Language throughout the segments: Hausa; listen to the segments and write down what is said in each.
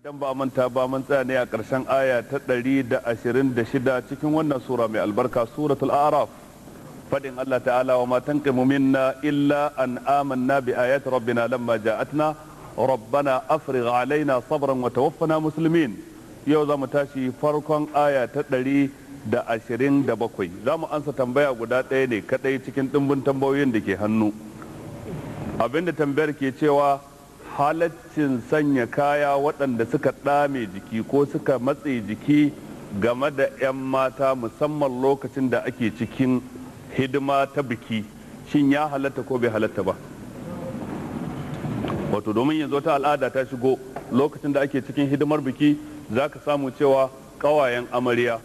dan ba manta ba man tsaya ne a ƙarshen aya ta 126 cikin wannan sura mai albarka suratul araf fadin Allah ta'ala wa matan tanqimu minna illa an amanna bi ayati rabbina lamma ja'atna rabbana afrigh alaina sabran wa tawaffana muslimin yau zamu tashi farkon aya ta 127 zamu ansa tambaya guda ɗaya ne kadai cikin dimbin tambayoyin da ke hannu abinda tambayar ke cewa halaccin sanya kaya waɗanda suka ɗame jiki ko suka matse jiki game da 'yan mata musamman lokacin da ake cikin hidima ta biki shin ya halatta ko bai halatta ba wato domin yanzu ta al'ada ta shigo lokacin da ake cikin hidimar biki za ka samu cewa ƙawayen amarya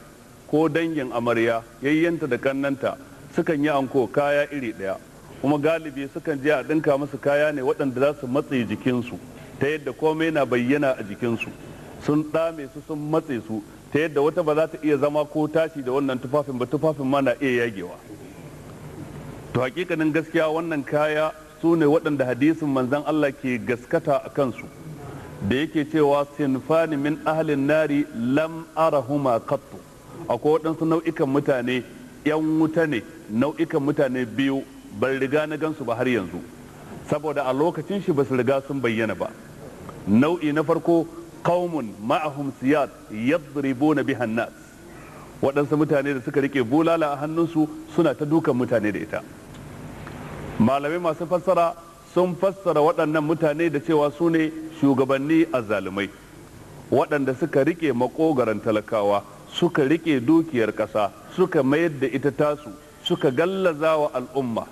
ko dangin amarya yayyanta da kannanta sukan yi anko kaya iri ɗaya kuma galibi sukan je a dinka musu kaya ne waɗanda za su matse jikinsu ta yadda komai na bayyana a jikinsu sun ɗame su sun matse su ta yadda wata ba za ta iya zama ko tashi da wannan tufafin ba tufafin ma na iya yagewa to hakikanin gaskiya wannan kaya su ne waɗanda hadisin manzan Allah ke gaskata a kansu da yake cewa sinfani min ahalin nari lam arahuma qattu akwai waɗansu nau'ikan mutane 'yan wuta ne nau'ikan mutane biyu ban riga na gansu ba har yanzu saboda a lokacin shi ba su riga sun bayyana ba nau'i na farko kaumun ma'ahum siyat na bihan nas waɗansu mutane da suka rike bulala a hannunsu suna ta dukan mutane da ita malamai masu fassara sun fassara waɗannan mutane da cewa su ne shugabanni a azzalumai waɗanda suka rike makogaran talakawa suka rike dukiyar ƙasa suka mayar da ita tasu suka gallaza wa al'umma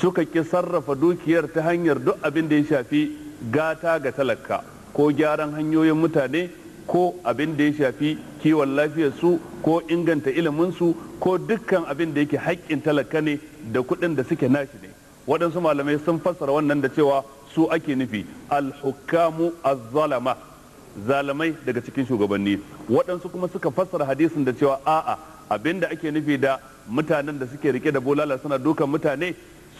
suka ki sarrafa dukiyar ta hanyar duk abin da ya shafi gata ga talaka ko gyaran hanyoyin mutane ko abin da ya shafi kiwon lafiyarsu ko inganta iliminsu ko dukkan abin da yake haƙƙin talaka ne da kuɗin da suke nashi ne waɗansu malamai sun fassara wannan da cewa su ake nufi alhukamu azzalama zalamai daga cikin shugabanni waɗansu kuma suka fassara hadisin da cewa a'a abin da ake nufi da mutanen da suke rike da bulala suna dukan mutane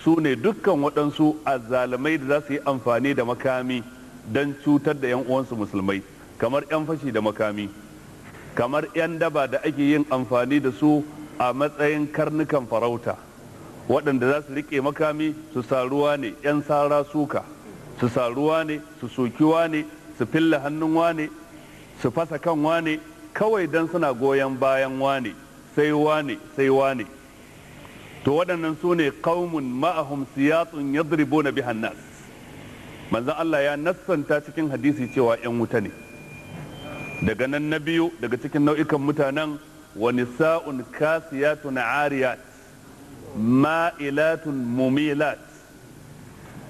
su ne dukkan waɗansu azzalumai da za su yi amfani da makami don cutar da 'yan uwansu musulmai kamar 'yan fashi da makami kamar 'yan daba da ake yin amfani da su a matsayin karnukan farauta waɗanda za su riƙe makami su saruwa ne 'yan sara suka su saruwa ne su sokiwa ne su filla hannun wane su fasa kan wane kawai don suna goyon bayan wane sai wane sai wane to waɗannan su ne qaumun ma'ahum siyatun na bihan nas manzon Allah ya nassanta cikin hadisi cewa yan wuta ne daga nan na biyu daga cikin nau'ikan mutanen wani sa'un kasiyatu kasiyatun ariyat ma'ilatun mumilat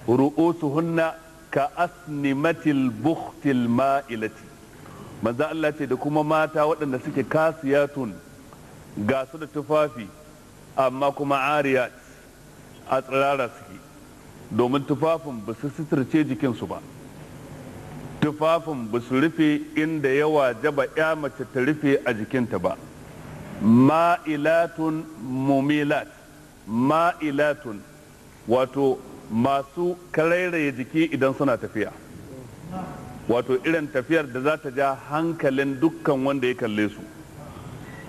hunna ka asnimatil buktil ma'ilati manzo Allah ce da kuma mata waɗanda suke kasiyatun ga su da tufafi amma kuma ariya a tsirara suke domin tufafin ba su suturce jikinsu ba tufafin ba su rufe inda yawa jaba ya mace ta rufe a jikinta ba ma'ilatun mumilat ma'ilatun wato masu karairaye jiki idan suna tafiya wato irin tafiyar da za ta ja hankalin dukkan wanda ya kalle su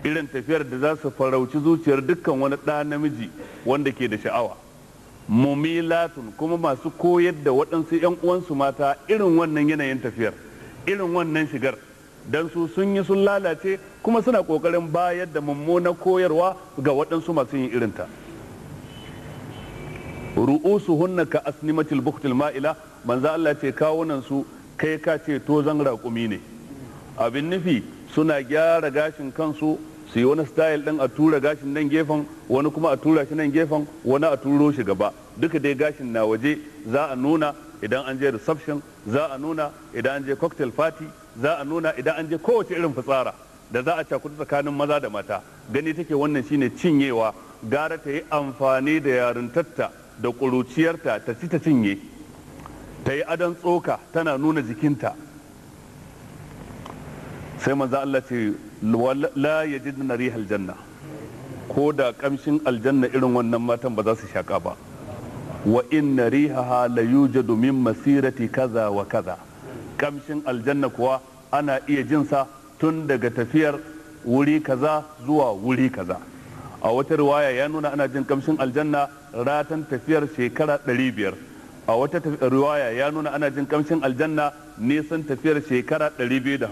irin tafiyar da za su farauci zuciyar dukkan wani ɗa namiji wanda ke da sha'awa mumilatun kuma masu koyar da waɗansu 'yan uwansu mata irin wannan yanayin tafiyar irin wannan shigar don su sun yi sun lalace kuma suna ƙoƙarin bayar da mummunar koyarwa ga waɗansu masu yin irinta ru'usu hunna ka asnimatil buktil ma'ila manzo Allah ce kawunan su kai ka ce to zan raƙumi ne abin nufi suna gyara gashin kansu su yi wani style din a tura gashin nan gefen wani kuma a tura shi nan gefen wani a turo shi gaba duka dai gashin na waje za a nuna idan an je reception za a nuna idan an je cocktail party za a nuna idan an je kowace irin fitsara da za a cakudu tsakanin maza da mata gani take wannan shine cinyewa gara ta yi amfani da yarintarta da kuruciyarta ta ci ta cinye ta yi adon tsoka tana nuna jikinta sai manzo Allah ce la na rihal janna ko da kamshin aljanna irin wannan matan ba za su shaka ba wa inna rihaha la yujadu min masirati kaza wa kaza kamshin aljanna kuwa ana iya jin sa tun daga tafiyar wuri kaza zuwa wuri kaza a wata riwaya ya nuna ana jin kamshin aljanna ratan tafiyar shekara 500 a wata riwaya ya nuna ana jin kamshin aljanna nisan tafiyar shekara 250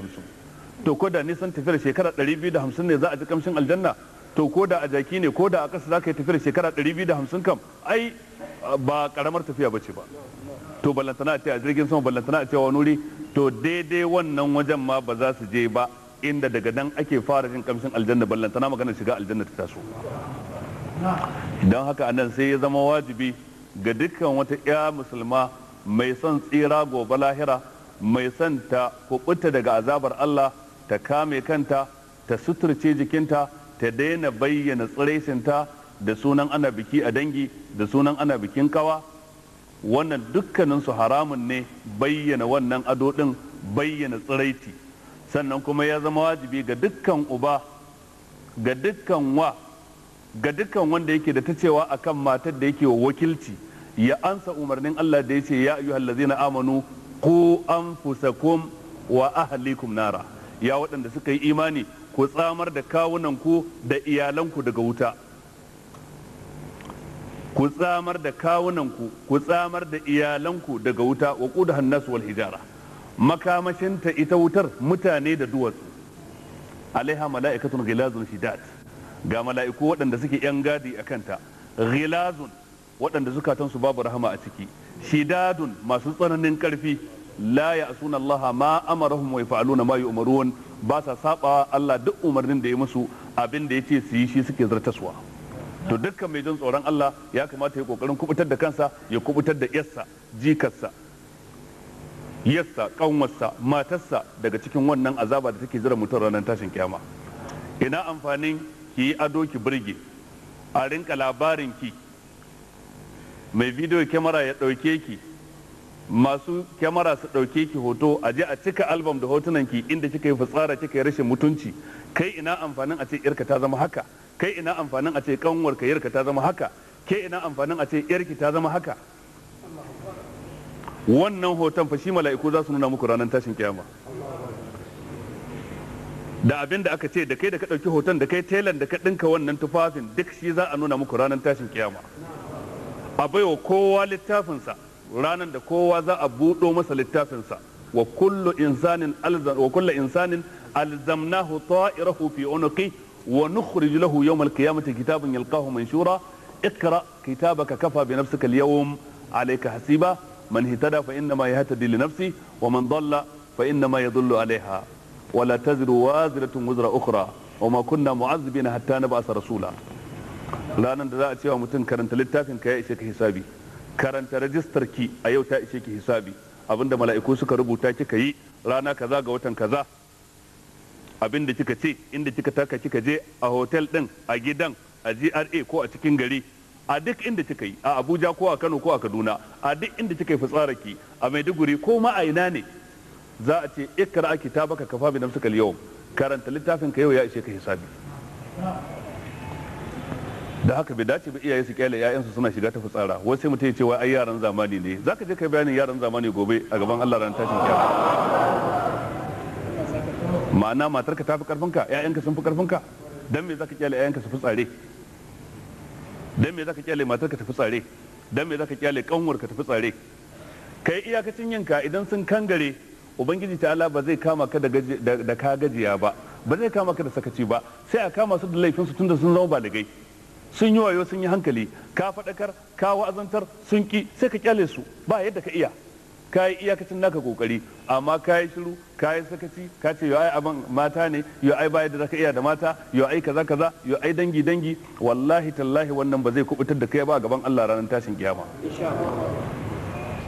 to ko da nisan tafiyar shekara 250 ne za a ji kamshin aljanna to ko da a jaki ne ko da a ƙasa za ka yi tafiyar shekara 250 kam ai ba karamar tafiya ba ce ba to ballantana a cewa jirgin sama ballantana a cewa nuri to daidai wannan wajen ma ba za su je ba inda daga nan ake fara jin kamshin aljanna ballantana magana shiga aljanna ta taso don haka anan sai ya zama wajibi ga dukkan wata 'ya musulma mai son tsira gobe lahira mai son ta kubuta daga azabar Allah ta kame kanta ta suturce jikinta ta daina bayyana tsiraisinta da sunan ana biki a dangi da sunan ana bikin kawa wannan dukkaninsu haramun ne bayyana wannan ado din bayyana tsiraiti sannan kuma ya zama wajibi ga dukkan uba ga dukkan wa ga dukkan wanda yake da ta cewa a kan matar da yake wa wakilci ya ansa umarnin Allah da ya ce ya ayyuhallazina amanu ku anfusakum wa ahlikum nara ya waɗanda suka yi imani ku tsamar da kawunanku da iyalanku daga wuta ku tsamar da kawunanku ku tsamar da iyalanku daga wuta wa ƙuda hannasu wal hijara makamashinta ita wutar mutane da duwatsu alaiha mala'ikatun ghilazun shidat ga mala'iku waɗanda suke yan gadi a kanta ghilazun waɗanda zukatansu babu rahama a ciki shidadun masu tsananin ƙarfi la a Allah ma amarahum wa yaf'aluna ma yu'marun ba sa saba Allah duk umarnin da ya musu abin da yace su yi shi suke zartaswa to dukkan mai jin tsoron Allah ya kamata ya kokarin kubutar da kansa ya kubutar da yassa jikarsa yassa kanwarsa matarsa daga cikin wannan azaba da take jira mutum ranar tashin kiyama ina amfanin ki yi ado ki burge a rinka labarin ki mai bidiyo kyamara ya ɗauke ki masu kyamara su ɗauke ki hoto a je a cika albam da hotunan ki inda kika yi fitsara kika yi rashin mutunci kai ina amfanin a ce yarka ta zama haka kai ina amfanin a ce kanwar ka yarka ta zama haka ke ina amfanin a ce yarki ta zama haka wannan hoton fa shi mala'iku za su nuna muku ranar tashin kiyama da abin da aka ce da kai da ka ɗauki hoton da kai telan da ka ɗinka wannan tufafin duk shi za a nuna muku ranar tashin kiyama a baiwa kowa littafinsa ranar da kowa za a buɗo masa littafinsa wa kullu insanin alzam wa kullu insanin alzamnahu ta'irahu fi unqi wa nukhrij lahu yawm al-qiyamati kitaban yalqahu manshura اقرأ كتابك كفى بنفسك اليوم عليك حسيبا من اهتدى فإنما يهتدي لنفسه ومن ضل فإنما يضل عليها ولا تزر وازرة وزر أخرى وما كنا معذبين حتى نبعث رسولا لا نندى ذا أتيها متنكرا تلتافن كيائشك حسابي karanta rajistar ki a yau ta ishe ki hisabi abinda mala'iku suka rubuta kika yi rana kaza ga watan kaza abinda kika ce inda kika taka kika je a hotel din a gidan a GRA ko a cikin gari a duk inda kika yi a Abuja ko a Kano ko a Kaduna a duk inda kika yi fitsararki a Maiduguri ko ma a ina ne za a ce ikra kitabaka kafa bi namsaka al-yawm karanta littafin ka yau ya ishe ka hisabi da haka bai dace ba iyaye su kyale yayansu suna shiga ta fitsara wai sai mutum ya ce wai ai yaran zamani ne zaka je kai bayanin yaran zamani gobe a gaban Allah ran tashin kiyama ma'ana matarka ta fi karfinka yayanka sun fi ka dan me zaka kyale yayanka su fitsare dan me zaka kyale matarka ta fitsare dan me zaka kyale kanwarka ta fitsare kai iyakacin yinka idan sun kangare ubangiji ta Allah ba zai kama ka da ka gajiya ba ba zai kama ka da sakaci ba sai a kama su da laifinsu tunda sun zama baligai sun yi wayo sun yi hankali ka faɗakar ka wa'azantar sun ki sai ka kyale su ba yadda ka iya ka yi iyakacin naka kokari amma ka yi shiru ka yi sakaci ka ce yau ai abin mata ne yau ai bayan da zaka iya da mata yau ai kaza kaza yau ai dangi dangi wallahi tallahi wannan ba zai kubutar da kai ba gaban Allah ranar tashin kiyama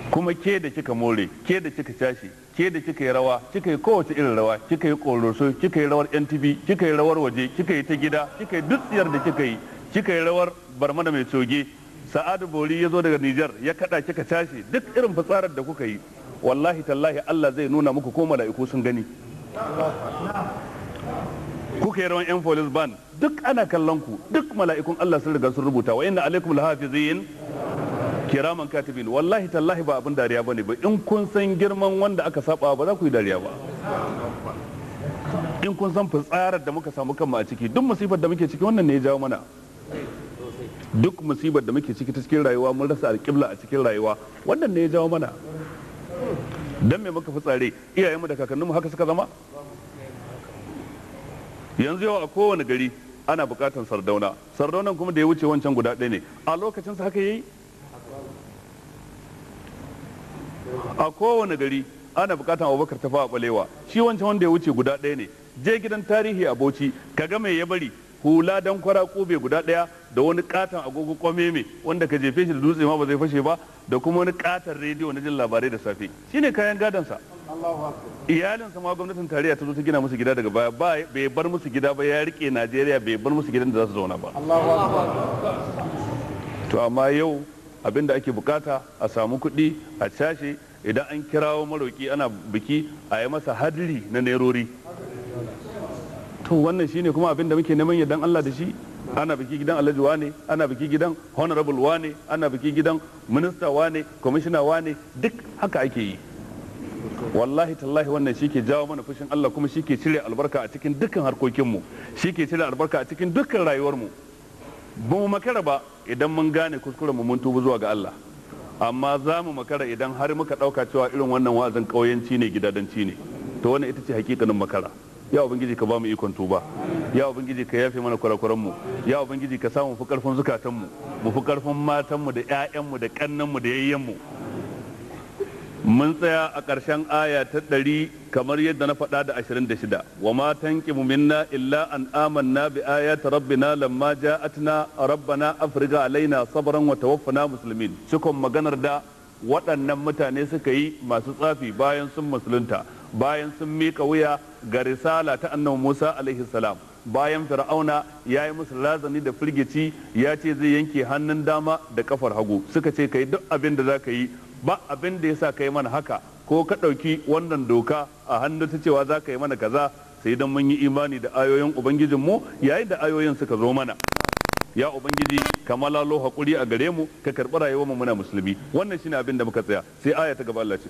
kuma ke da kika more ke da kika tashi ke da kika yi rawa kika yi kowace irin rawa kika yi koroso kika yi rawar yan tibi kika yi rawar waje kika yi ta gida kika yi dutsiyar da kika yi kika yi rawar barmana mai coge sa'adu bori ya zo daga nijar ya kada kika tashi duk irin fitsarar da kuka yi wallahi tallahi allah zai nuna muku ko mala'iku sun gani kuka yi rawan yan police ban duk ana kallon ku duk mala'ikun allah sun riga sun rubuta wa inna alaikum lahafizin kiraman katibin wallahi tallahi ba abin dariya bane ba in kun san girman wanda aka saba ba za ku yi dariya ba in kun san fitsarar da muka samu kanmu a ciki duk musibar da muke ciki wannan ne ya jawo mana duk musibar da muke ciki ta cikin rayuwa mun rasa alƙibla a cikin rayuwa wannan ne ya jawo mana dan me muka fitsare iyayenmu da kakanninmu haka suka zama yanzu yau a kowane gari ana buƙatar sardauna sardaunan kuma da ya wuce wancan guda ɗaya ne a lokacinsa haka yayi a kowane gari ana bukatan abubakar tafa a balewa shi wancan wanda ya wuce guda ɗaya ne je gidan tarihi a bauchi kaga mai ya bari hula dan kwara kube guda daya da wani katon agogo kwame kwameme wanda ka jefe shi da dutse ma ba zai fashe ba da kuma wani katon rediyo na jin labarai da safe shine kayan gadansa iyalinsa ma gwamnatin tarayya ta zo ta gina musu gida daga baya ba bai bar musu gida ba ya rike najeriya bai bar musu gidan da za su zauna ba to amma yau abinda ake bukata a samu kuɗi a cashe idan an kirawo maroki ana biki a yi masa hadiri na nerori to wannan shine kuma abin da muke neman yardan Allah da shi ana biki gidan alhaji wane ana biki gidan honorable wane ana biki gidan minista wane commissioner wane duk haka ake yi wallahi tallahi wannan shi ke jawo mana fushin Allah kuma shi ke cire albarka a cikin dukkan harkokinmu shi ke cire albarka a cikin dukkan rayuwarmu ba mu makara ba idan mun gane kuskurenmu mun tubu zuwa ga Allah amma za mu makara idan har muka ɗauka cewa irin wannan wa'azin ƙauyenci ne gidadanci ne to wannan ita ce hakikanin makara ya ubangiji ka ba mu ikon tuba ya ubangiji ka yafe mana kwarakwaran mu ya ubangiji ka samu fi karfin zukatan mu mu fi karfin matan mu da ƴaƴan mu da kannan mu da yayyan mu mun tsaya a ƙarshen aya ta ɗari kamar yadda na faɗa da ashirin da shida wa ma mu minna illa an amanna bi ayati rabbina lamma ja'atna rabbana afriga alaina sabran wa tawaffana muslimin cikon maganar da waɗannan mutane suka yi masu tsafi bayan sun musulunta bayan sun mika wuya ga risala ta annabi Musa alaihi salam bayan fir'auna ya yi musu lazani da firgici ya ce zai yanke hannun dama da kafar hagu suka ce kai duk abin da za ka yi ba abin da ya sa ka yi mana haka ko ka ɗauki wannan doka a hannu ta cewa za ka yi mana kaza sai dan mun yi imani da ayoyin ubangijinmu yayin da ayoyin suka zo mana ya ubangiji ka malalo hakuri a gare mu ka karɓi rayuwar mu muna musulmi wannan shine abin da muka tsaya sai aya ta gaba Allah ce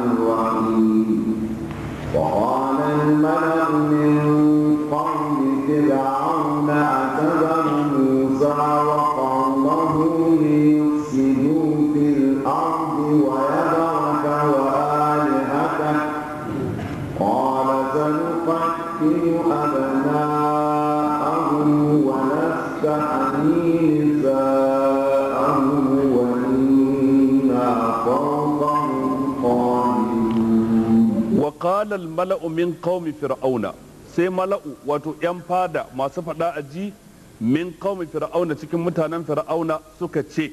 mala'u min qaumi fir'auna sai mala'u wato yan fada masu fada aji min qaumi fir'auna cikin mutanen fir'auna suka ce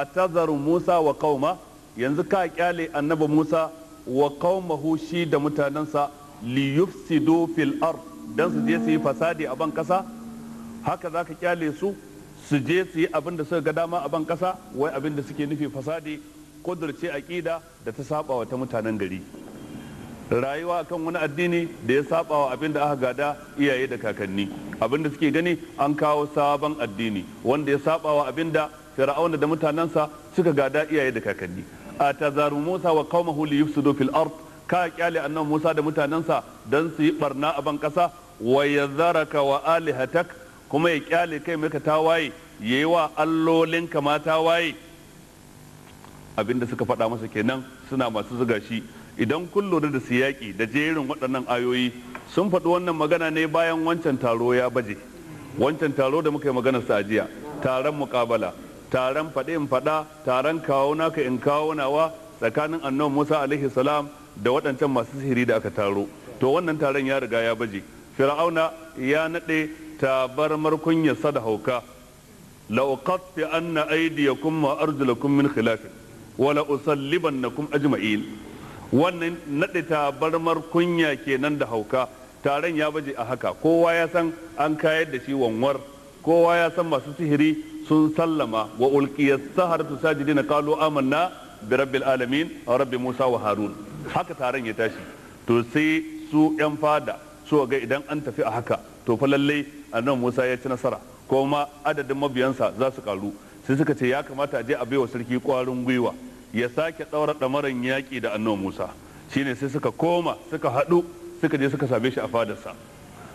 atazaru Musa wa qauma yanzu ka kyale annabi Musa wa qaumahu shi da mutanensa li yufsidu fil ard dan su je su yi fasadi a ban kasa haka za ka kyale su su je su yi abin da suka ga dama a ban kasa wai abin da suke nufi fasadi kudurce aƙida da ta saba wa ta mutanen gari rayuwa kan wani addini da ya saba wa abin da aka gada iyaye da kakanni abin da suke gani an kawo sabon addini wanda ya saba wa abin da fir'auna da mutanensa suka gada iyaye da kakanni a tazaru musa wa qaumahu li yufsidu fil ard ka kyale annabi musa da mutanensa dan su yi barna a ban kasa wa yadharaka wa alihatak kuma ya kyale kai maka tawaye yayi wa allolin ma tawaye Abinda suka faɗa masa kenan suna masu zuga shi idan kun lura da siyaki da jerin waɗannan ayoyi sun faɗi wannan magana ne bayan wancan taro ya baje wancan taro da muka yi maganar sa jiya taron mukabala taron faɗe in faɗa taron kawo naka in kawo nawa tsakanin annon Musa alaihi salam da waɗancan masu sihiri da aka taro to wannan taron ya riga ya baje fir'auna ya naɗe tabarmar kunyarsa da hauka la'uqatti anna aydiyakum wa arjulakum min wa wannan naɗe tabarmar kunya kenan da hauka taron ya baje a haka kowa ya san an kayar da shi wanwar kowa ya san masu sihiri sun sallama wa ulqiyas saharatu na kalo amanna bi rabbil alamin rabbi musa wa harun haka taron ya tashi to sai su yan fada su ga idan an tafi a haka to fa lalle annabi musa ya ci nasara kuma adadin mabiyansa za su karu sai suka ce ya kamata a je a bai wa sarki kwarin gwiwa ya sake ɗaura ɗamaran yaƙi da annabi musa shine sai suka koma suka haɗu suka je suka same shi a fadarsa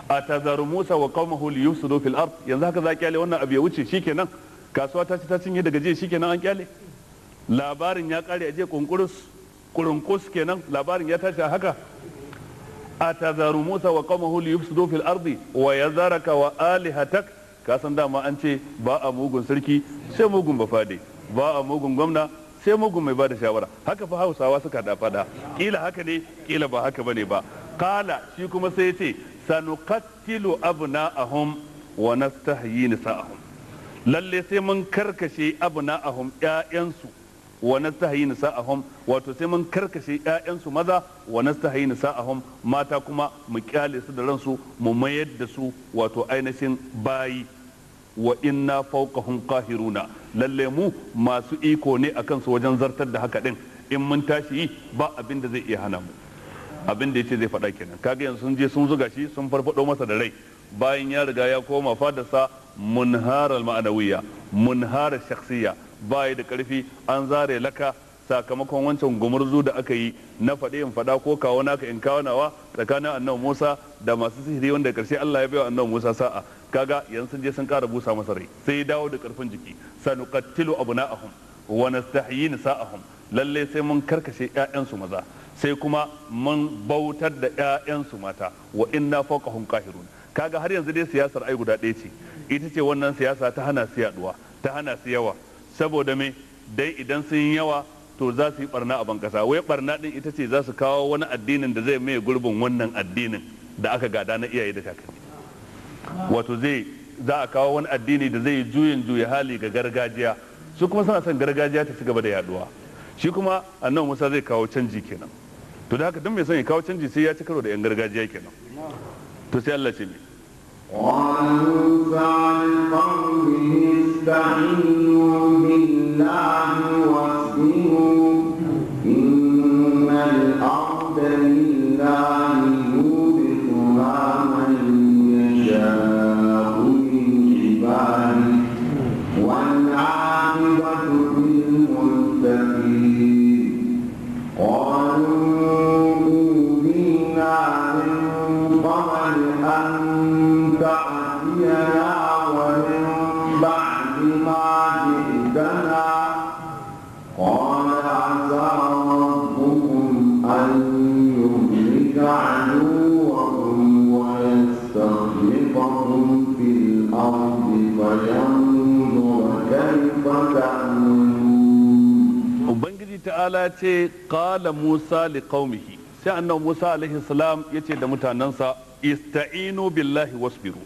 a tazaru musa wa qaumahu li yufsidu fil ard yanzu haka za kyale wannan abu ya wuce shikenan kasuwa ta ci ta cinye daga jiya shikenan an kyale labarin ya kare a je kunkurus kurunkus kenan labarin ya tashi a haka a tazaru musa wa qaumahu li yufsidu fil ard wa yazaraka wa alihatak ka san dama an ce ba a mugun sarki sai mugun bafade ba a mugun gwamna sai mugun mai bada shawara haka fa hausawa suka da fada kila haka ne kila ba haka bane ba kala shi kuma sai ya ce sanuqattilu abna'ahum wa nastahyi nisa'ahum lalle sai mun karkashe abna'ahum ƴaƴansu wa nastahyi nisa'ahum wato sai mun karkashe ƴaƴansu maza wa nastahyi nisa'ahum mata kuma mu kyale su da ransu mu mayar da su wato ainihin bayi wa inna fawqahum qahiruna lalle mu masu iko ne akan su wajen zartar da haka din in mun tashi ba abin da zai iya hana mu abin da yace zai faɗa kenan kaga yanzu sun je sun zuga shi sun farfaɗo masa da rai bayan ya riga ya koma fadarsa munhara ma'anawiyya munhara shakhsiyya bai da karfi an zare laka sakamakon wancan gumurzu da aka yi na faɗe in faɗa ko kawo naka in kawo nawa tsakanin annabi Musa da masu sihiri wanda karshe Allah ya bai wa annabi Musa sa'a kaga yanzu sun je sun kara busa masa rai sai ya dawo da karfin jiki sanuqattilu abna'ahum wa nastahyi nisa'ahum lalle sai mun karkashe ƴaƴansu maza sai kuma mun bautar da ƴaƴansu mata wa inna fawqahum qahirun kaga har yanzu dai siyasar ai guda ɗaya ce ita ce wannan siyasa ta hana su yaduwa ta hana su yawa saboda me dai idan sun yawa to za su yi barna a bankasa wai barna din ita ce za su kawo wani addinin da zai maye gurbin wannan addinin da aka gada na iyaye da kakanni wato zai za a kawo wani addini da zai juyin juya hali ga gargajiya su kuma suna son gargajiya ta ci gaba da yaduwa shi kuma annabi Musa zai kawo canji kenan to da haka duk mai son ya kawo canji sai ya ci karo da yan gargajiya kenan to sai Allah ce mi قالوا استعينوا بالله واصبروا إن الأرض لله one who ta'ala ce qala musa li qaumihi sai annabi musa alaihi salam ce da mutanansa ista'inu billahi wasbiru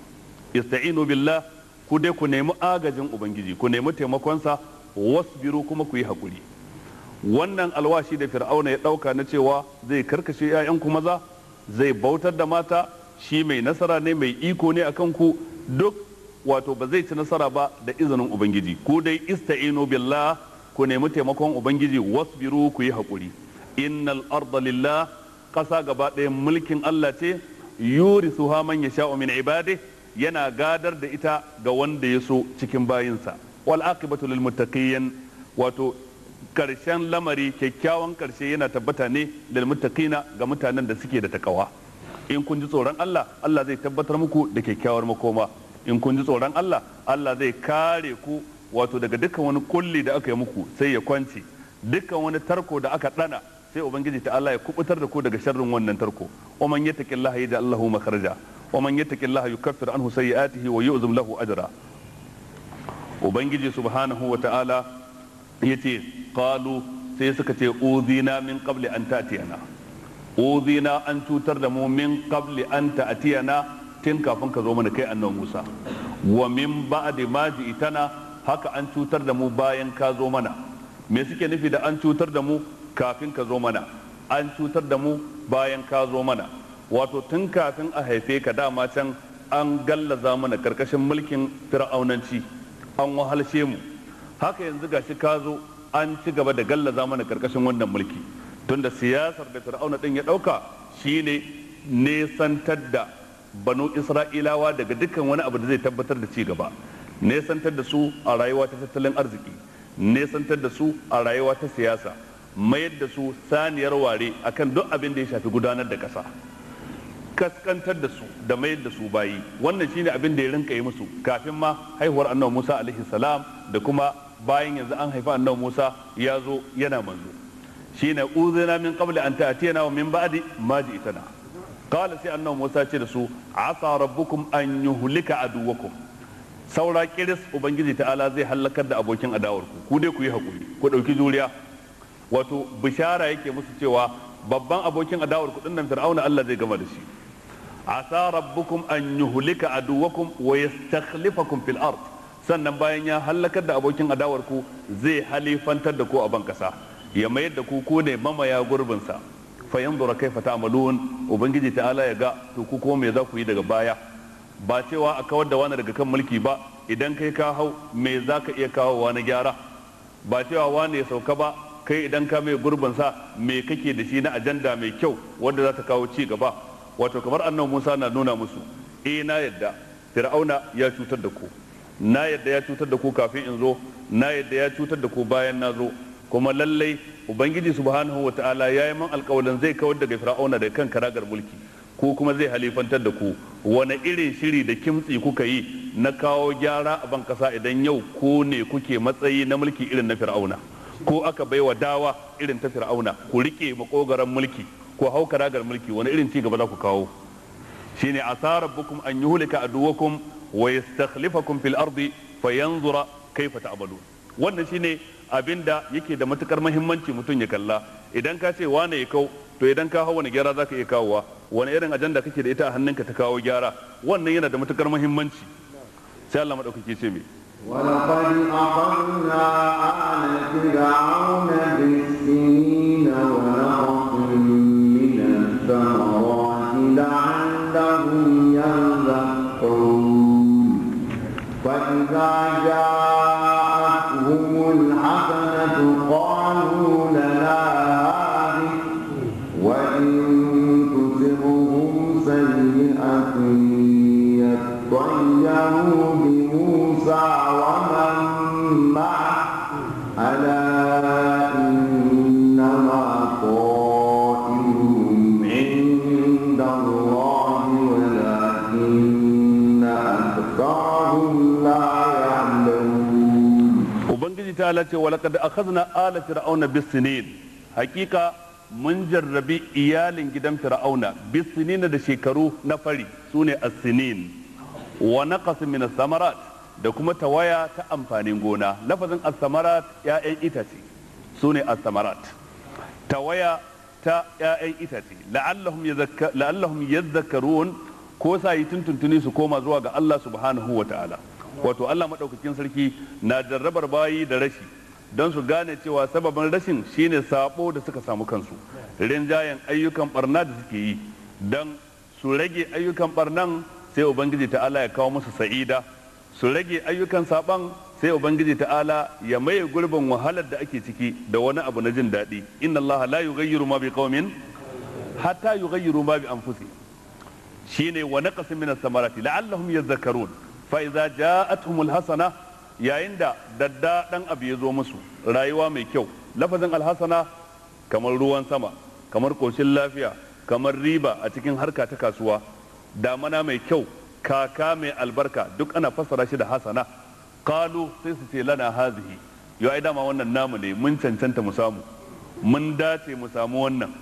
ista'inu billah ku dai ku nemi agajin ubangiji ku nemi taimakonsa wasbiru kuma ku yi hakuri wannan alwashi da fir'auna ya dauka na cewa zai karkashe ku maza zai bautar da mata shi mai nasara ne mai iko ne akan ku duk wato ba zai ci nasara ba da izinin ubangiji ku dai ista'inu billah ku nemi taimakon ubangiji wasbiru ku yi hakuri. innal arda lillah ƙasa gaba ɗaya mulkin Allah ce haman man yasha'u min ibade, yana gadar da ita ga wanda ya so cikin bayinsa wal aqibatu lil muttaqin wato karshen lamari kyakkyawan karshe yana tabbata ne lil muttaqina ga mutanen da suke da takawa in kun ji tsoron Allah Allah zai tabbatar muku da kyakkyawar makoma in kun ji tsoron Allah Allah zai kare ku wato daga dukkan wani kulli da aka yi muku sai ya kwance dukkan wani tarko da aka dana sai ubangiji ta Allah ya kubutar da ku daga sharrin wannan tarko wa man yattaqillaha yaj'al lahu makhraja wa man yattaqillaha yukaffir anhu sayi'atihi wa yu'zim lahu ajra ubangiji subhanahu wa ta'ala yace qalu sai suka ce udhina min qabli an ta'tiyana udhina an tutar da mu min qabli an ta'tiyana tun kafin ka zo mana kai annabi Musa wa min ba'di ma ji'tana haka an cutar da mu bayan ka zo mana me suke nufi da an cutar da mu kafin ka zo mana an cutar da mu bayan ka zo mana wato tun kafin a haife ka dama can an gallaza mana karkashin mulkin fir'aunanci an wahalshe mu haka yanzu gashi ka zo an ci gaba da gallaza mana karkashin wannan mulki tunda siyasar da fir'auna din ya dauka shine nesantar da banu isra'ilawa daga dukkan wani abu da zai tabbatar da ci gaba nesantar da su a rayuwa ta tattalin arziki nesantar da su a rayuwa ta siyasa mayar da su saniyar ware akan duk abin da ya shafi gudanar da kasa kaskantar da su da mayar da su bayi wannan shine abin da ya rinka yi musu kafin ma haihuwar annabi Musa alaihi salam da kuma bayan yanzu an haifi annabi Musa ya zo yana manzo shine uzina min qabli an ta'tiyana wa min ba'di ma ji'tana qala sai annabi Musa ce da su asa rabbukum an yuhlika aduwakum saura kiris ubangiji ta'ala zai hallakar da abokin adawarku ku dai ku yi hakuri ku ɗauki juriya wato bishara yake musu cewa babban abokin adawar ku nan fir'auna Allah zai gama da shi asa rabbukum an yuhlika aduwakum wa yastakhlifakum fil ard sannan bayan ya hallakar da abokin adawarku zai halifantar da ku a ban kasa ya mayar da ku ko ne mamaya gurbin sa fa yanzura kaifa ta'malun ubangiji ta'ala ya ga to ku ko me za ku yi daga baya ba cewa a kawar da wani daga kan mulki ba idan kai ka hau me za ka iya kawowa na gyara ba cewa wani ya sauka ba kai idan ka mai gurbinsa me kake da shi na ajanda mai kyau wanda za ta kawo ci gaba wato kamar annan musa na nuna musu eh na yadda fir'auna ya cutar da ku na yadda ya cutar da ku kafin in zo na yadda ya cutar da ku bayan na zo kuma lallai ubangiji subhanahu wataala ya yi man alkawalin zai kawar daga fir'auna da kan karagar mulki ko kuma zai halifantar da ku wani irin shiri da kimtsi kuka yi na kawo gyara a ban idan yau ko ne kuke matsayi na mulki irin na fir'auna ko aka baiwa dawa irin ta fir'auna ku rike makogaran mulki ko haukaragar mulki wani irin ci gaba za ku kawo shine asara bukum an yuhlika aduwakum wa yastakhlifakum fil ardi fayanzura kaifa ta'malu wannan shine abinda yake da matukar muhimmanci mutum ya kalla idan ka ce wane ya kau to idan ka hau wani gyara za ka iya kawowa wani irin ajanda kake da ita a hannunka ta kawo gyara wannan yana da matukar muhimmanci sai Allah madaukake ce me ولقد أخذنا آل فرعون بالسنين ta'ala ce wa a akhadna ala fir'auna bisinin hakika mun jarrabi iyalin gidan fir'auna bisinin da shekaru na fari sune as-sinin wa naqas min as-samarat da kuma tawaya ta amfanin gona lafazin as-samarat ya'yan itace sune as-samarat tawaya ta ya'yan itace la'allahum yadhakkarun la'allahum ko sa yi tuntuntuni su koma zuwa ga Allah subhanahu wa ta'ala wato Allah maɗaukakin sarki na jarrabar bayi da rashi don su gane cewa sababin rashin shine sabo da suka samu kansu rinjayen ayyukan barna da suke yi don su rage ayyukan barnan sai ubangiji ta'ala ya kawo musu sa'ida su rage ayyukan saban sai ubangiji ta'ala ya maye gurbin wahalar da ake ciki da wani abu na jin daɗi inna allah la yughayyiru ma biqaumin hatta yughayyiru ma bi anfusihim shine wani naqasin min samarati la'allahum yadhakkarun ja a ja'atuhumul hasana yayin da dadda dan abu ya zo musu rayuwa mai kyau lafazin alhasana kamar ruwan sama kamar ƙoshin lafiya kamar riba a cikin harka ta kasuwa damana mai kyau kaka mai albarka duk ana fassara shi da hasana kalu sai su ce lana hazihi yau ai dama wannan namu ne mun cancanta mu samu mun dace mu samu wannan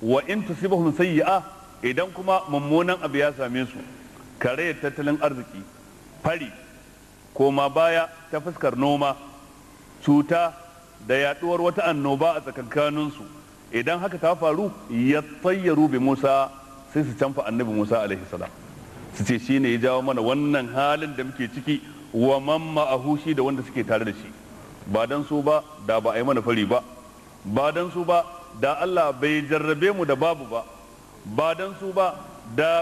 wa in tusibahum sayyi'a idan kuma mummunan abu ya same su kare tattalin arziki fari koma baya ta fuskar noma cuta da yaduwar wata annoba a tsakankaninsu idan haka ta faru ya tsayyaru bi musa sai su canfa annabi musa alaihi salam su ce shi ne ya jawo mana wannan halin da muke ciki wa mamma a hushi da wanda suke tare da shi ba dan su ba da ba a yi mana fari ba ba dan su ba da allah bai jarrabe mu da babu ba ba dan su ba da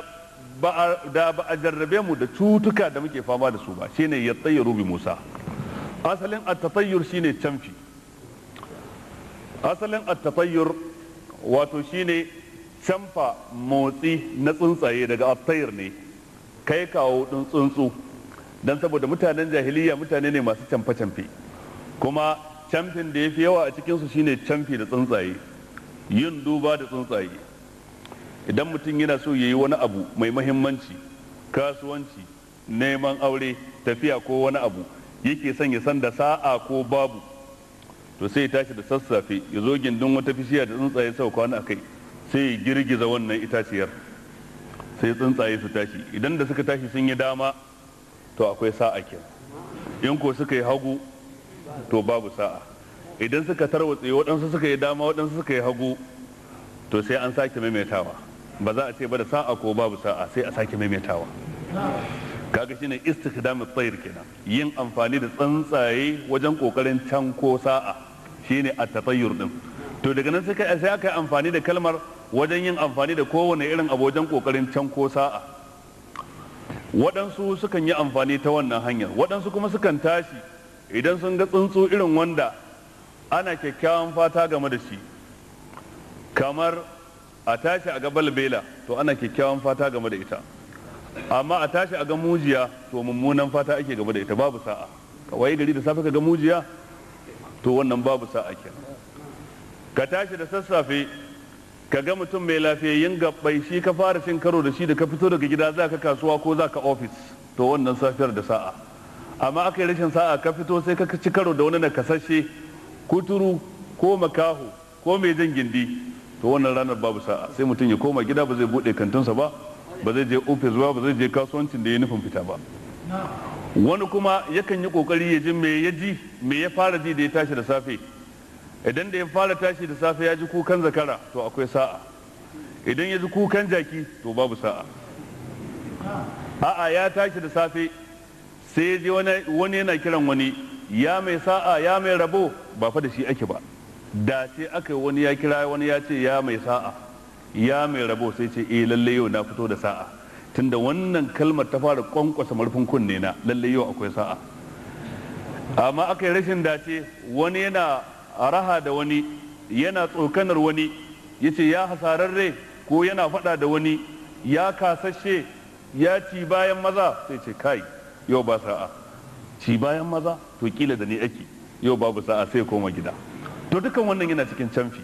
da ba a jarrabe mu da cutuka da muke fama da su ba shine ya tsayyaru bi Musa asalin at shi shine camfi asalin at wato shine camfa motsi na tsuntsaye daga at ne kai kawo ɗin tsuntsu don saboda mutanen jahiliya mutane ne masu camfe-camfe kuma camfin da ya fi yawa a cikinsu shine camfi da tsuntsaye yin duba da tsuntsaye idan mutum yana so ya yi wani abu mai mahimmanci kasuwanci neman aure tafiya ko wani abu yake son ya san da sa'a ko babu to sai ya tashi da sassafe ya zo gindin wata bishiya da tsuntsaye sau kwana kai sai ya girgiza wannan itaciyar sai tsuntsaye su tashi idan da suka tashi sun yi dama to akwai sa'a ke in ko suka yi hagu to babu sa'a idan suka tarwatse waɗansu suka yi dama waɗansu suka yi hagu to sai an sake maimaitawa ba za a ce ba da sa'a ko babu sa'a sai a sake maimaitawa kaga shine istikhdam at-tayr kenan yin amfani da tsuntsaye wajen kokarin canko sa'a shine at-tatayyur din to daga nan sai sai aka yi amfani da kalmar wajen yin amfani da kowane irin abu wajen kokarin ko sa'a waɗansu sukan yi amfani ta wannan hanyar waɗansu kuma sukan tashi idan sun ga tsuntsu irin wanda ana kyakkyawan fata game da shi kamar a tashi a ga balbela to ana kyakkyawan fata game da ita amma a tashi a ga mujiya to mummunan fata ake game da ita babu sa'a kawai gari da safe ka ga mujiya to wannan babu sa'a kenan ka tashi da sassafe ka ga mutum mai lafiyayyen gabbai shi ka fara cin karo da shi da ka fito daga gida za ka kasuwa ko za ka ofis to wannan safiyar da sa'a amma aka yi rashin sa'a ka fito sai ka ci karo da wani kasashe kuturu ko makaho ko mai jan gindi to wannan ranar babu sa'a sai mutum ya koma gida ba zai bude kantinsa ba ba zai je ofis ba ba zai je kasuwancin da ya nufin fita ba wani kuma yakan yi kokari ya ji me ya ji me ya fara ji da ya tashi da safe idan da ya fara tashi da safe ya ji kukan zakara to akwai sa'a idan ya ji kukan jaki to babu sa'a a'a ya tashi da safe sai ya je wani yana kiran wani ya mai sa'a ya mai rabo ba fa da shi ake ba da ce aka wani ya kira wani ya ce ya mai sa'a ya mai rabo sai ce eh lalle yau na fito da sa'a tunda wannan kalmar ta fara kwankwasa marfin kunne na lalle yau akwai sa'a amma aka yi rashin dace wani yana araha da wani yana tsokanar wani ya ce ya hasararre ko yana faɗa da wani ya kasashe ya ci bayan maza sai ce kai yau ba sa'a ci bayan maza to kila da ni ake yau babu sa'a sai koma gida to dukan wannan yana cikin canfi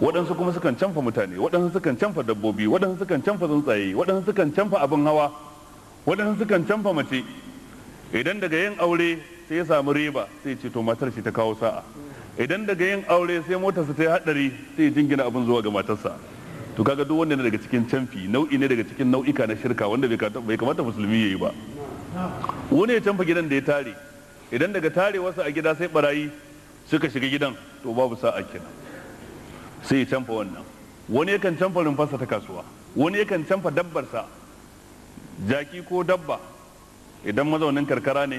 waɗansu kuma sukan canfa mutane waɗansu sukan canfa dabbobi waɗansu sukan canfa tsuntsaye waɗansu sukan canfa abin hawa waɗansu sukan canfa mace idan daga yin aure sai ya samu riba sai ce to matar shi ta kawo sa'a idan daga yin aure sai motarsa ta yi haɗari sai ya jingina abin zuwa ga matarsa to kaga duk wanda ne daga cikin canfi nau'i ne daga cikin nau'ika na shirka wanda bai kamata musulmi ya yi ba wani ya canfa gidan da ya tare idan daga tare wasu a gida sai barayi suka shiga gidan to babu sa'a kenan sai canfa wannan wani yakan canfa rumfarsa ta kasuwa wani yakan canfa dabbarsa jaki ko dabba idan mazaunin karkara ne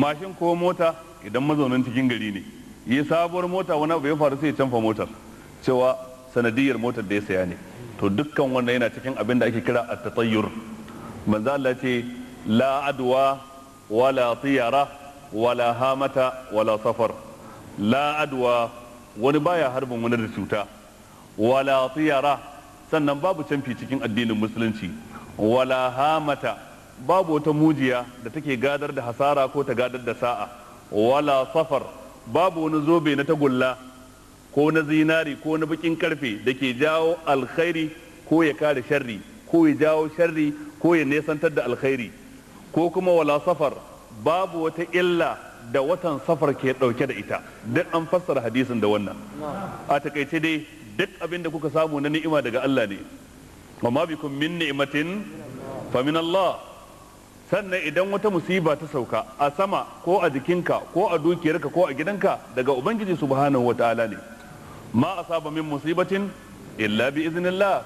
mashin ko mota idan mazaunin cikin gari ne yi sabuwar mota wani abu ya faru sai ya canfa motar cewa sanadiyar motar da ya saya ne to dukkan wannan yana cikin abin da ake kira a tatayyur manzo Allah ce la adwa wala tiyara wala hamata wala safar la adwa wani baya harbin wani da cuta wala tiyara sannan babu canfi cikin addinin musulunci wala hamata babu wata mujiya da take gadar da hasara ko ta gadar da sa'a wala safar babu wani zobe na tagulla ko na zinari ko na bakin karfe da ke jawo alkhairi ko ya kare sharri ko ya jawo sharri ko ya nesantar da alkhairi ko kuma wala safar babu wata illa da watan safar ke dauke da ita duk an fassara hadisin da wannan a takaice dai duk abin da kuka samu na ni'ima daga Allah ne wa ma bikum min ni'matin fa min Allah sannan idan wata musiba ta sauka a sama ko a jikinka ko a dukiyarka ko a gidanka daga ubangiji subhanahu wataala ne ma asaba min musibatin illa bi iznillah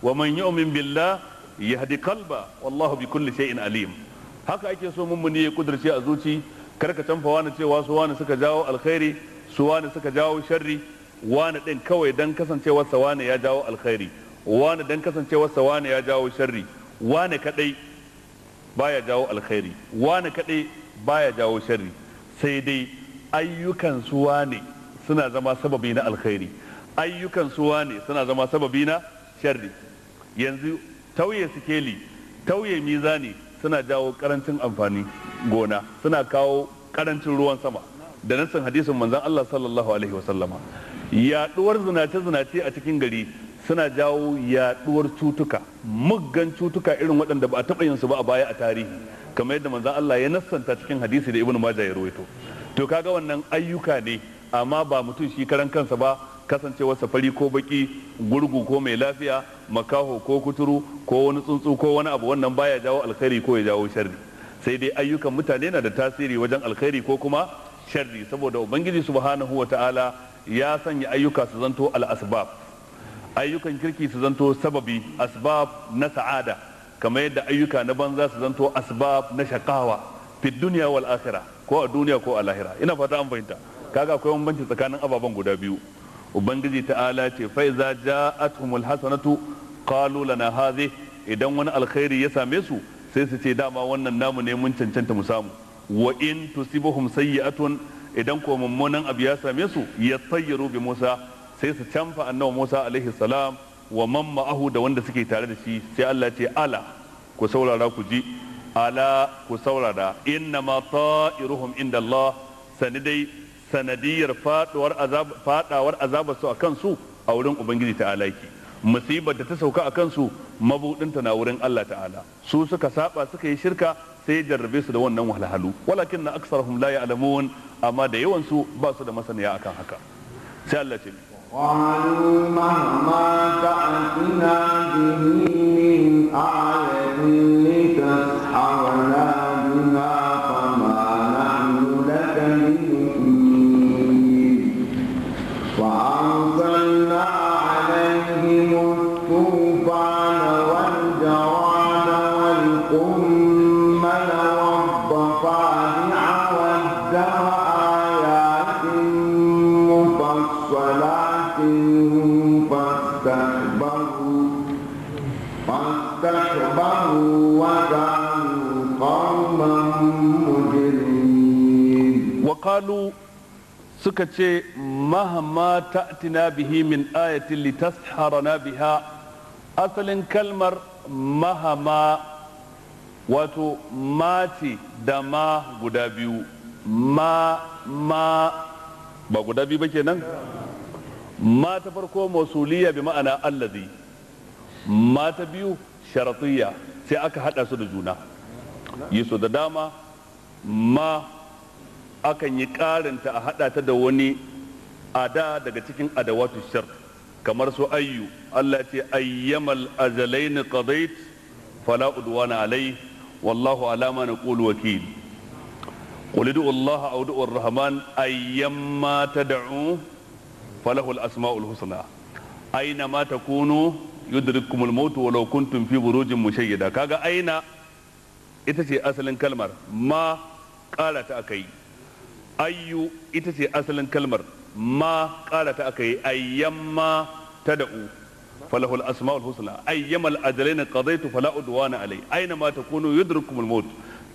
wa man yu'min billah yahdi qalba wallahu bi kulli shay'in alim haka ake so mun ya kudurci a zuci kar ka canfa wani cewa su wani suka jawo alkhairi su wani suka jawo sharri wani din kawai dan kasancewar sa wani ya jawo alkhairi wani dan kasancewar sa wani ya jawo sharri wani kadai baya jawo alkhairi wani kadai baya jawo sharri sai dai ayyukan su wani suna zama sababi na alkhairi ayyukan su wani suna zama sababi na sharri yanzu tauye sikeli tauye mizani suna jawo karancin amfani gona suna kawo karancin ruwan sama da san hadisin manzon Allah sallallahu alaihi wasallama yaduwar zinace zinace a cikin gari suna jawo yaduwar cutuka muggan cutuka irin waɗanda ba a taɓa yin su ba a baya a tarihi kamar yadda manzon Allah ya nassanta cikin hadisi da ibnu Majah ya rawaito to kaga wannan ayyuka ne amma ba mutum shi karan kansa ba kasancewarsa fari ko baki gurgu ko mai lafiya makaho ko kuturu ko wani tsuntsu ko wani abu wannan baya jawo alkhairi ko ya jawo sharri sai dai ayyukan mutane na da tasiri wajen alkhairi ko kuma sharri saboda ubangiji subhanahu ta'ala ya sanya ayyuka su zanto asbab ayyukan kirki su zanto sababi asbab na sa'ada kamar yadda ayyuka na banza su zanto asbab na shakawa fi duniya wal akhirah ko a duniya ko a lahira ina fata an fahimta kaga akwai bambanci tsakanin ababen guda biyu ubangiji ta'ala ce fa iza ja'atuhumul hasanatu qalu lana hadhi idan wani alkhairi ya same su sai su ce dama wannan namu ne mun cancanta mu samu wa in tusibuhum sayyi'atun idan ko mummunan abu ya same su ya yatayyaru bi Musa sai su canfa annabi Musa alaihi salam wa man ma'ahu da wanda suke tare da shi sai Allah ce ala ku saurara ku ji ala ku saurara inna ma ta'iruhum inda Allah sani dai sanadiyar faɗawar fadawar azabar su a wurin ubangiji ta'ala yake musibar da ta sauka a kansu mabudinta na wurin Allah ta'ala su suka saba suka yi shirka sai jarrabe su da wannan wahalhalu walakin na aksarhum la ya'lamun amma da yawan su ba su da masaniya akan haka sai Allah ce قالوا suka ce ta tina bihi min ayatin litasharana biha asalin kalmar mahama wato mati da ma guda biyu ma ma ba guda biyu ba kenan ma ta farko masuliya bi ma'ana allazi ma ta biyu sharatiyya sai aka hada su da juna yi da dama ma akan yi ƙarinta a haɗa ta da wani ada daga cikin adawatu shar kamar su ayyu Allah ce ayyamal azalain qadait fala udwana alai wallahu alama na naqul wakil qul ud'u Allah aw ud'u ar-rahman ayyamma tad'u falahu al-asma'ul husna aina ma takunu yudrikumul maut walau kuntum fi burujin mushayyida kaga aina ita ce asalin kalmar ma ƙara ta akai ayyu ita ce asalin kalmar ma ƙara ta aka yi ma ta da'u falahul asma'ul husna ayyamal ajalaina qadaitu fala udwana alai aina ma takunu yudrikumul maut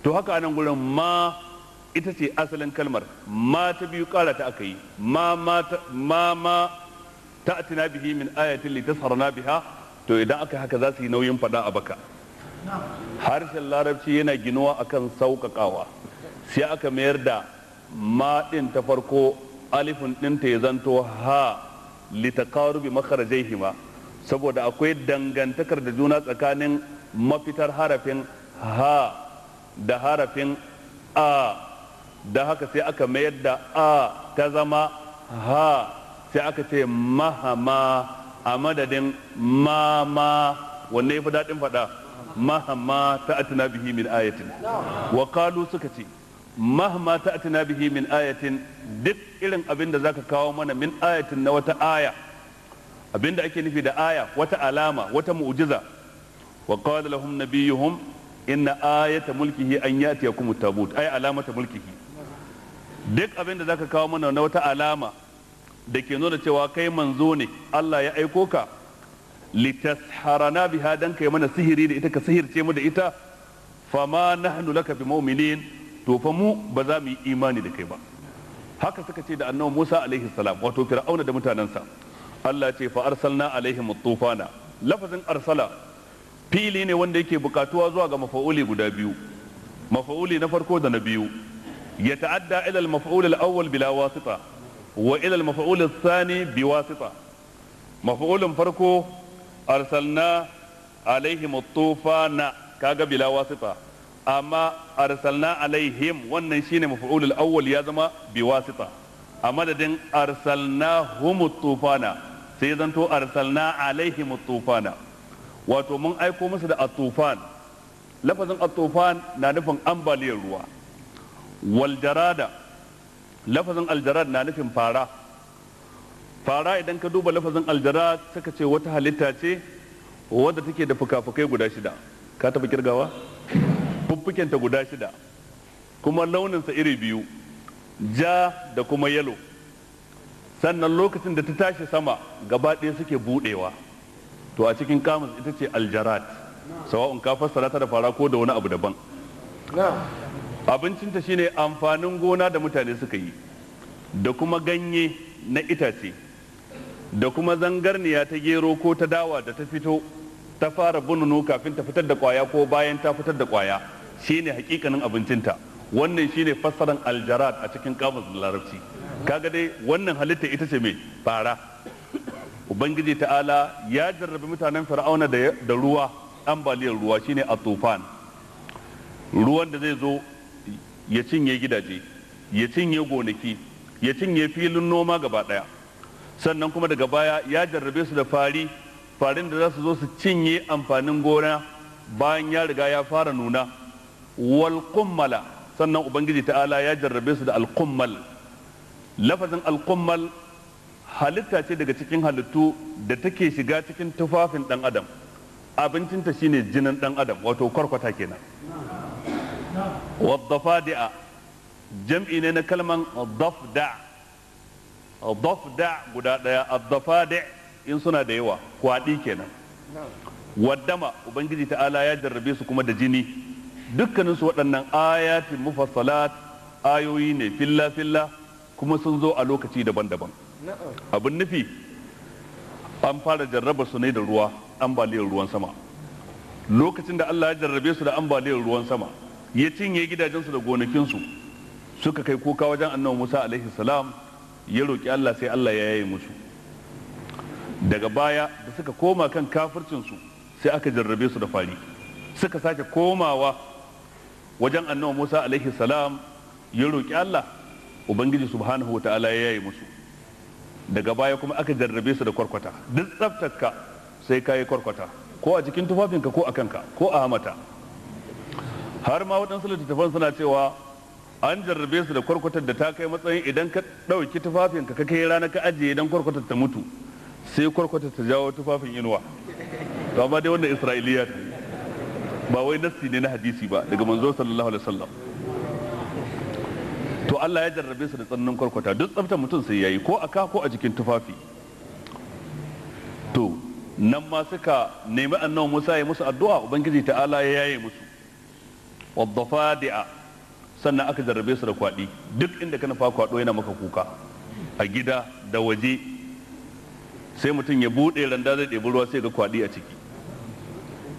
to haka anan gurin ma ita ce asalin kalmar ma ta biyu ƙara ta aka yi ma ma ma ta'tina bihi min ayatin li tasharna biha to idan aka haka za su yi nauyin fada a baka harshen larabci yana ginuwa akan sauƙaƙawa sai aka mayar da ma din ta farko alifin din ta ya zanto ha litaqarubi hima saboda akwai dangantakar da juna tsakanin mafitar harafin ha da harafin a da haka sai aka mayar da a ta zama ha sai aka ce mahama a madadin mama wanne ya fi daɗin faɗa mahama ta atina bihi min ayatin wa suka ce mahma ta'tina bihi min ayatin duk irin abin da zaka kawo mana min ayatin na wata aya abin da ake nufi da aya wata alama wata mu'jiza wa qala lahum nabiyuhum inna ayata mulkihi an yatiyakum tabut ay alamata mulkihi duk abin da zaka kawo mana na wata alama da ke nuna cewa kai manzo ne Allah ya aiko ka litasharana biha dan kai mana sihiri da ita ka sihirce mu da ita fama nahnu laka muminin Tofa mu ba za mu yi imani da kai ba haka suka ce da annabi Musa alaihi salam wato fir'auna da mutanansa Allah ce fa arsalna alaihim tufana lafazin arsala fili ne wanda yake bukatuwa zuwa ga mafa'uli guda biyu mafa'uli na farko da na biyu ya ta'adda ila al-maf'ul al-awwal bila wasita wa ila al-maf'ul ath-thani bi wasita mafa'ulin farko arsalna alaihim tufana kaga bila wasita amma arsalna alaihim wannan shine maf'ulul awwal ya zama biwasita a madadin arsalna humut tufana sai zanto arsalna alaihim tufana wato mun aiko musu da at-tufan lafazin tufan na nufin ambaliyar ruwa wal jarada lafazin al-jarad na nufin fara fara idan ka duba lafazin al-jarad saka ce wata halitta ce wadda take da fuka-fukai guda shida ka tafi kirgawa fuffuken ta guda shida kuma launinsa iri biyu ja da kuma yalo sannan lokacin da ta tashi sama gaba ɗaya suke buɗewa to a cikin kamus ita ce aljarat sawa'un ka fassara ta da fara ko da wani abu daban abincinta shine amfanin gona da mutane suka yi da kuma ganye na itace da kuma zangarniya ta gero ko ta dawa da ta fito ta fara bununu kafin ta fitar da kwaya ko bayan ta fitar da kwaya shine hakikanin abincinta wannan shine fassaran aljarad a cikin kamus da larabci kaga dai wannan halitta ita ce mai fara ubangiji ta'ala ya jarrabi mutanen fir'auna da ruwa ambaliyar ruwa shine a tufan ruwan da zai zo ya cinye gidaje ya cinye gonaki ya cinye filin noma gaba daya sannan kuma daga baya ya jarrabe su da fari farin da za su zo su cinye amfanin gona bayan ya riga ya fara nuna Walƙummala sannan ubangiji ta'ala ya jarrabe su da alƙummal lafazin al halitta ce daga cikin halittu da take shiga cikin tufafin ɗan adam abincinta shine jinin ɗan adam wato kwarkwata kenan waddafadi'a jam'i ne na kalman dafda dafda guda daya addafadi in suna da yawa kwadi kenan waddama ubangiji ta'ala ya jarrabe su kuma da jini dukkaninsu waɗannan ayatin mufassalat ayoyi ne filla-filla kuma sun zo a lokaci daban-daban abin nufi an fara jarraba su ne da ruwa ambaliyar ruwan sama lokacin da Allah ya jarrabe su da ambaliyar ruwan sama ya cinye gidajensu da gonakinsu suka kai kuka wajen annabi Musa alaihi salam ya roki Allah sai Allah ya yaye musu daga baya da suka koma kan kafircinsu sai aka jarrabe su da fari suka sake komawa wajen annabi Musa alaihi salam ya roƙi Allah ubangiji subhanahu wa ta'ala ya yi musu daga baya kuma aka jarrabe su da kwarkwata duk tsaftarka sai kayi kwarkwata ko a cikin tufafinka ko a kanka ko a hamata har ma waɗansu littattafan suna cewa an jarrabe su da kwarkwatar da ta kai matsayin idan ka ɗauki tufafinka ka kai rana ka ajiye idan kwarkwatar ta mutu sai kwarkwatar ta jawo tufafin inuwa to amma dai wannan isra'iliya ta ba wai nassi ne na hadisi ba daga manzo sallallahu alaihi wasallam to Allah ya jarrabe su da tsananin kwarkwata duk tsaftar mutum sai yayi ko a ka ko a jikin tufafi to nan ma suka nemi annabi Musa ya musu addu'a ubangiji ta'ala ya yaye musu wadhafadi'a sannan aka jarrabe su da kwadi duk inda ka nufa kwado yana maka kuka a gida da waje sai mutum ya buɗe randa zai ɗebi ruwa sai ga kwaɗi a ciki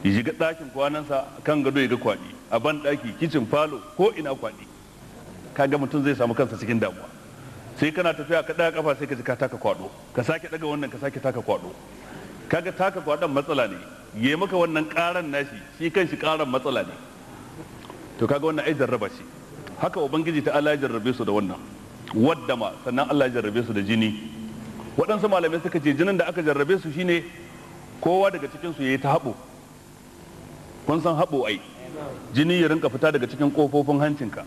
ya shiga ɗakin kwanansa kan gado ya ga kwaɗi a ban ɗaki kicin falo ko ina kwaɗi kaga mutum zai samu kansa cikin damuwa sai kana tafiya ka ɗaga kafa sai ka ji ka taka kwaɗo ka sake ɗaga wannan ka sake taka kwaɗo kaga taka kwaɗon matsala ne ya maka wannan ƙaran nashi shi shi ƙaran matsala ne to ga wannan ai jarraba shi haka ubangiji ta Allah ya jarrabe su da wannan wadda sannan Allah ya jarrabe su da jini waɗansu malamai suka ce jinin da aka jarrabe su shine kowa daga cikin su yayi ta haɓo kun san haɓo ai jini ya rinka fita daga cikin kofofin hancinka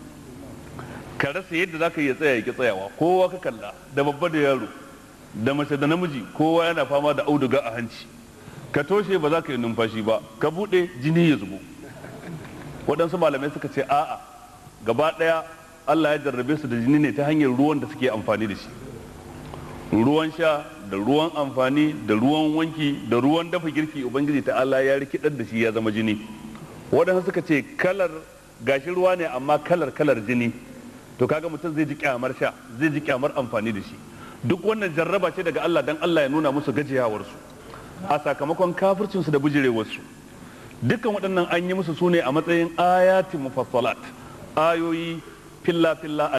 ka rasa yadda za ka iya tsaya ya tsayawa kowa ka kalla da babba da yaro da mace da namiji kowa yana fama da auduga a hanci ka toshe ba za ka yi numfashi ba ka buɗe jini ya zubo waɗansu malamai suka ce a'a gaba ɗaya Allah ya jarrabe su da jini ne ta hanyar ruwan da suke amfani da shi ruwan sha da ruwan amfani da ruwan wanki da ruwan dafa girki ubangiji ta Allah ya rikidar da shi ya zama jini waɗansu suka ce kalar gashi ruwa ne amma kalar kalar jini to kaga mutum zai ji kyamar sha zai ji kyamar amfani da shi duk wannan jarraba ce daga Allah dan Allah ya nuna musu gajiyawarsu a sakamakon su da su dukkan waɗannan an yi musu sune a matsayin ayati mufassalat ayoyi filla filla